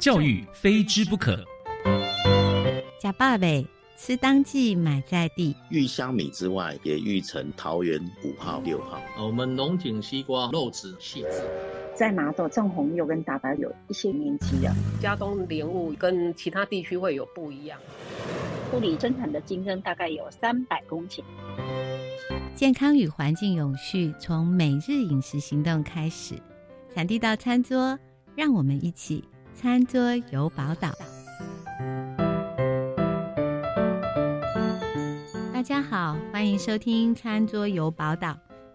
教育非知不可。呷飽未，吃當季、買在地。育香米之外也育成桃園五號、六號。我們龍井西瓜肉質細緻，在麻豆種紅柚跟大白柚有一些年紀了。佳冬蓮霧跟其他地區會有不一樣。埔里生產的金針大概有三百公頃。健康與環境永續，從每日飲食行動開始，產地到餐桌，讓我們一起。餐桌遊寶島。大家好，歡迎收聽《餐桌遊寶島》，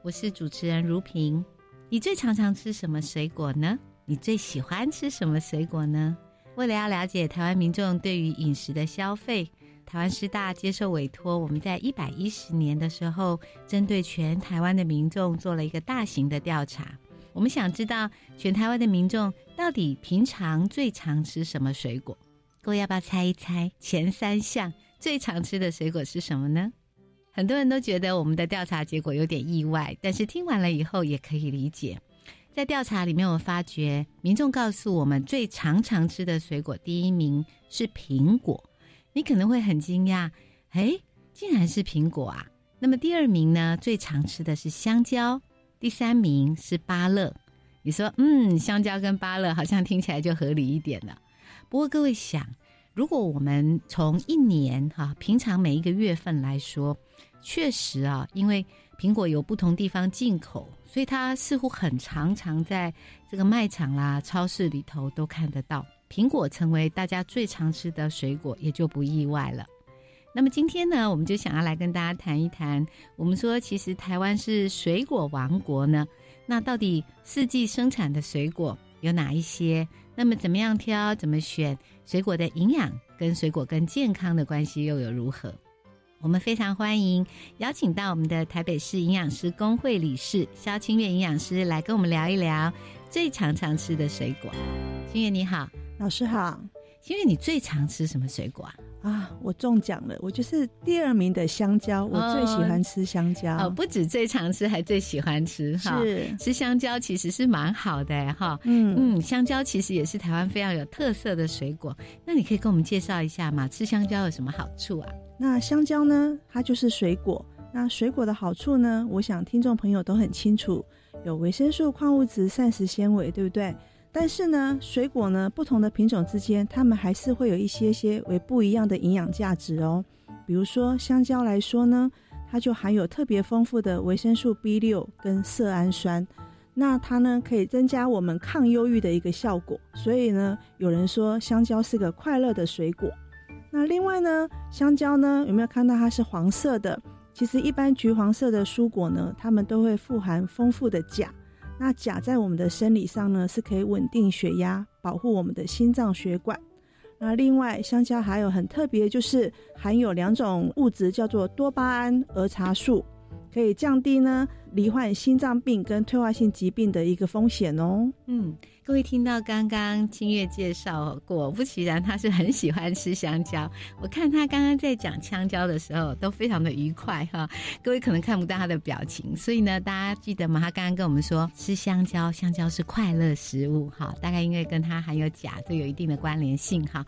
我是主持人如萍。你最常常吃什麼水果呢？你最喜歡吃什麼水果呢？為了要了解台灣民眾對於飲食的消費，台灣師大接受委托，我們在一百一十年的時候，針對全台灣的民眾做了一個大型的調查。我們想知道全台灣的民眾到底平常最常吃什麼水果。各位要不要猜一猜前三項最常吃的水果是什麼呢？很多人都覺得我們的調查結果有點意外，但是聽完了以後也可以理解。在調查裡面，我發覺民眾告訴我們最常常吃的水果第一名是蘋果，你可能會很驚訝，哎，竟然是蘋果啊！那麼第二名呢？最常吃的是香蕉。第三名是芭樂，你說，嗯，香蕉跟芭樂好像聽起來就合理一點了。不過各位想，如果我們從一年哈、啊、平常每一個月份來說，確實啊，因為蘋果有不同地方進口，所以它似乎很常常在這個賣場啦、啊、超市裡頭都看得到。蘋果成為大家最常吃的水果，也就不意外了。那麼今天呢，我們就想要來跟大家談一談，我們說其實台灣是水果王國呢。那到底四季生產的水果有哪一些？那麼怎麼樣挑，怎麼選？水果的營養跟水果跟健康的關係又有如何？我們非常歡迎邀請到我們的台北市營養師公會理事蕭清月營養師來跟我們聊一聊最常常吃的水果。清月你好，老師好。清月，你最常吃什麼水果啊？啊，我中獎了！我就是第二名的香蕉，我最喜歡吃香蕉。哦，哦不止最常吃，還最喜歡吃哈。是吃香蕉其實是蠻好的哈。嗯嗯，香蕉其實也是台灣非常有特色的水果。那你可以跟我們介紹一下嘛？吃香蕉有什麼好處啊？那香蕉呢，它就是水果。那水果的好處呢，我想聽眾朋友都很清楚，有維生素、礦物質、膳食纖維，對不對？但是呢，水果呢，不同的品種之間，它們還是會有一些些為不一樣的營養價值哦。比如說香蕉來說呢，它就含有特別豐富的維生素 B6 跟色氨酸，那它呢可以增加我們抗憂鬱的一個效果。所以呢，有人說香蕉是個快樂的水果。那另外呢，香蕉呢有沒有看到它是黃色的？其實一般橘黃色的蔬果呢，它們都會富含豐富的鉀。那鉀在我們的生理上呢，是可以穩定血壓，保護我們的心臟血管。那另外，香蕉還有很特別，就是含有兩種物質，叫做多巴胺、兒茶素，可以降低呢罹患心臟病跟退化性疾病的一個風險哦、喔。嗯。各位聽到剛剛清月介紹，果不其然，他是很喜歡吃香蕉。我看他剛剛在講香蕉的時候，都非常的愉快哈。各位可能看不到他的表情，所以呢，大家記得嘛，他剛剛跟我們說，吃香蕉，香蕉是快樂食物哈。大概因為跟它含有鉀，都有一定的關聯性哈。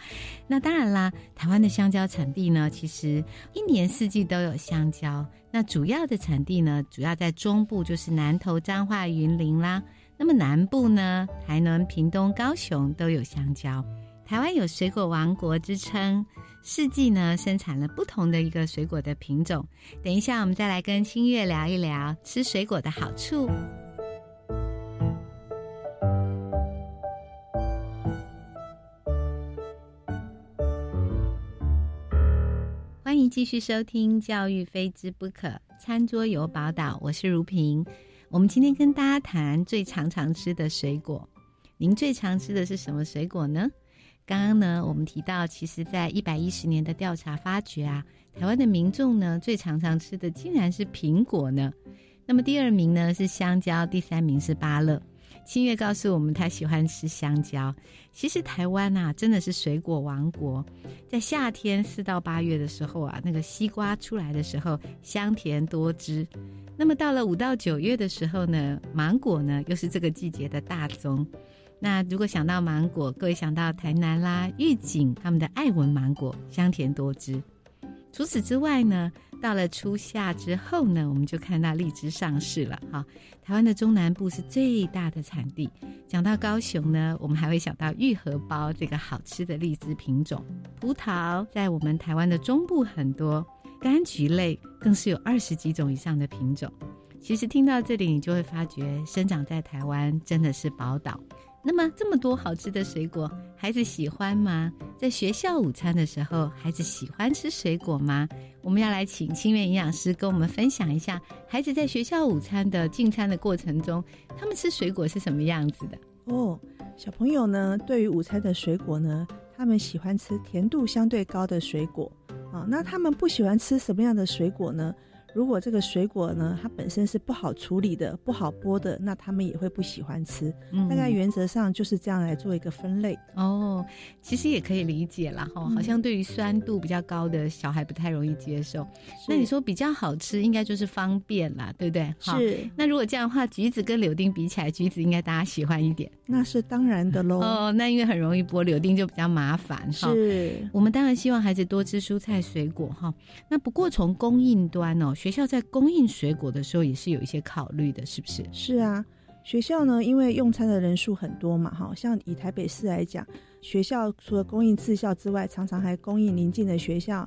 那當然啦，台灣的香蕉產地呢，其實一年四季都有香蕉。那主要的產地呢，主要在中部，就是南投、彰化、雲林啦。那麼南部呢，台南、屏東、高雄都有香蕉。台灣有水果王國之稱，四季呢生產了不同的一個水果的品種。等一下我們再來跟清月聊一聊吃水果的好處。歡迎繼續收聽《教育非知不可》，餐桌遊寶島，我是如萍。我們今天跟大家談最常常吃的水果，您最常吃的是什麼水果呢？剛剛呢，我們提到，其實在一百一十年的調查發掘啊，台灣的民眾呢最常常吃的竟然是蘋果呢，那麼第二名呢是香蕉，第三名是芭樂。清月告訴我們，他喜歡吃香蕉。其實台灣吶、啊，真的是水果王國。在夏天四到八月的時候啊，那個西瓜出來的時候，香甜多汁。那麼到了五到九月的時候呢，芒果呢又是這個季節的大宗。那如果想到芒果，各位想到台南啦、玉井他們的愛文芒果，香甜多汁。除此之外呢，到了初夏之後呢，我們就看到荔枝上市了。哈、哦，台灣的中南部是最大的產地。講到高雄呢，我們還會想到玉荷包這個好吃的荔枝品種。葡萄在我們台灣的中部很多，柑橘類更是有二十幾種以上的品種。其實聽到這裡，你就會發覺生長在台灣真的是寶島。那麼這麼多好吃的水果。孩子喜歡嗎？在學校午餐的時候，孩子喜歡吃水果嗎？我們要來請清月營養師跟我們分享一下，孩子在學校午餐的進餐的過程中，他們吃水果是什麼樣子的？哦，小朋友呢，對於午餐的水果呢，他們喜歡吃甜度相對高的水果啊。哦，那他們不喜歡吃什麼樣的水果呢？如果這個水果呢，它本身是不好處理的，不好剝的，那他們也會不喜歡吃。嗯，大概原則上就是這樣來做一個分類哦。其實也可以理解啦，哈，好像對於酸度比較高的小孩不太容易接受。那你說比較好吃，應該就是方便啦，對不對？哈，那如果這樣的話，橘子跟柳丁比起來，橘子應該大家喜歡一點。那是當然的嘍。哦，那因為很容易剝，柳丁就比較麻煩。是。我們當然希望孩子多吃蔬菜水果哈。那不過從供應端哦。學校在供應水果的時候也是有一些考慮的，是不是？是啊，學校呢，因為用餐的人數很多嘛，哈，像以台北市來講，學校除了供應自校之外，常常還供應鄰近的學校。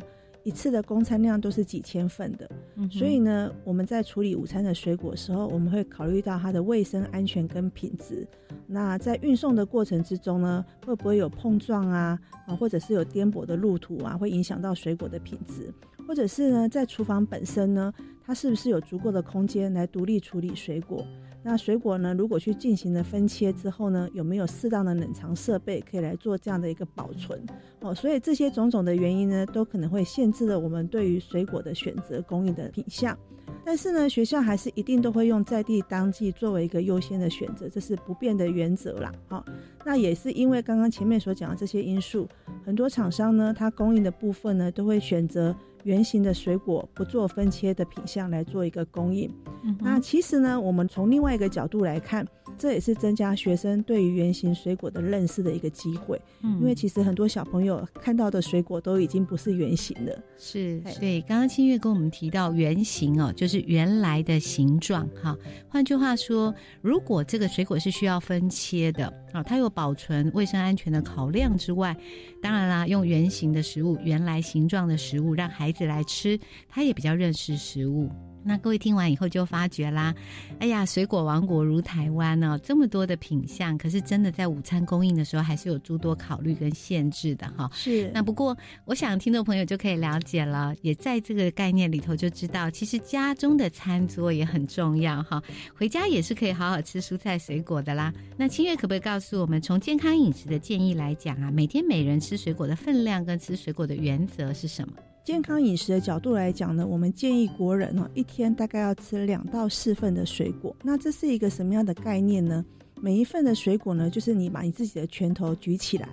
一次的供餐量都是幾千份的，嗯，所以呢，我們在處理午餐的水果時候，我們會考慮到它的衛生安全跟品質。那在運送的過程之中呢，會不會有碰撞啊，啊，或者是有顛簸的路途啊，會影響到水果的品質？或者是呢，在廚房本身呢，它是不是有足夠的空間來獨立處理水果？那水果呢？如果去進行了分切之後呢，有沒有適當的冷藏設備可以來做這樣的一個保存？哦，所以這些種種的原因呢，都可能會限制了我們對於水果的選擇供應的品項。但是呢，學校還是一定都會用在地當季作為一個優先的選擇，這是不變的原則啦。好、哦，那也是因為剛剛前面所講的這些因素，很多廠商呢，它供應的部分呢，都會選擇。原型的水果不做分切的品項來做一個供應、嗯。那其實呢，我們從另外一個角度來看，這也是增加學生對於原型水果的認識的一個機會、嗯。因為其實很多小朋友看到的水果都已經不是原型了。是，所以剛剛清月跟我們提到原型哦，就是原來的形狀哈。換句話說，如果這個水果是需要分切的啊，它有保存衛生安全的考量之外，當然啦，用原型的食物，原來形狀的食物，讓孩子。來吃，他也比較認識食物。那各位聽完以後就發覺啦，哎呀，水果王國如台灣呢、哦，這麼多的品項，可是真的在午餐供應的時候，還是有諸多考慮跟限制的哈。是，那不過我想聽眾朋友就可以了解了，也在這個概念裡頭就知道，其實家中的餐桌也很重要哈。回家也是可以好好吃蔬菜水果的啦。那清月可不可以告訴我們，從健康飲食的建議來講啊，每天每人吃水果的分量跟吃水果的原則是什麼？健康飲食的角度來講呢，我們建議國人哦，一天大概要吃兩到四份的水果。那這是一個什麼樣的概念呢？每一份的水果呢，就是你把你自己的拳頭舉起來，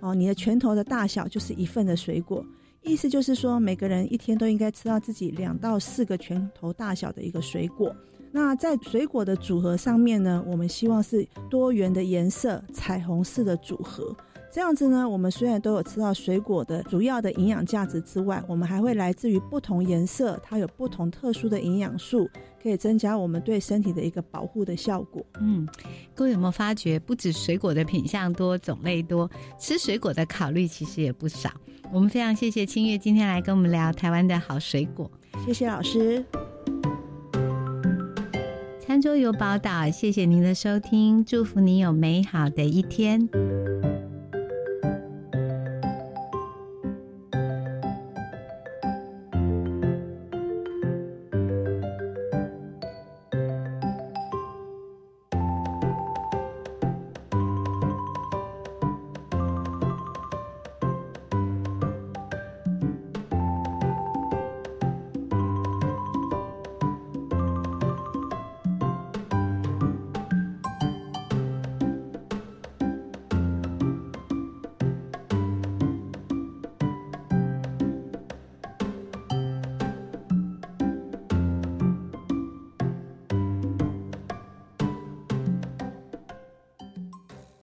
哦，你的拳頭的大小就是一份的水果。意思就是說，每個人一天都應該吃到自己兩到四個拳頭大小的一個水果。那在水果的組合上面呢，我們希望是多元的顏色，彩虹式的組合。這樣子呢，我們雖然都有吃到水果的主要的營養價值之外，我們還會來自於不同顏色，它有不同特殊的營養素，可以增加我們對身體的一個保護的效果。嗯，各位有沒有發覺，不止水果的品相多，種類多，吃水果的考慮其實也不少。我們非常謝謝清月今天來跟我們聊台灣的好水果，謝謝老師。餐桌遊寶島，謝謝您的收聽，祝福你有美好的一天。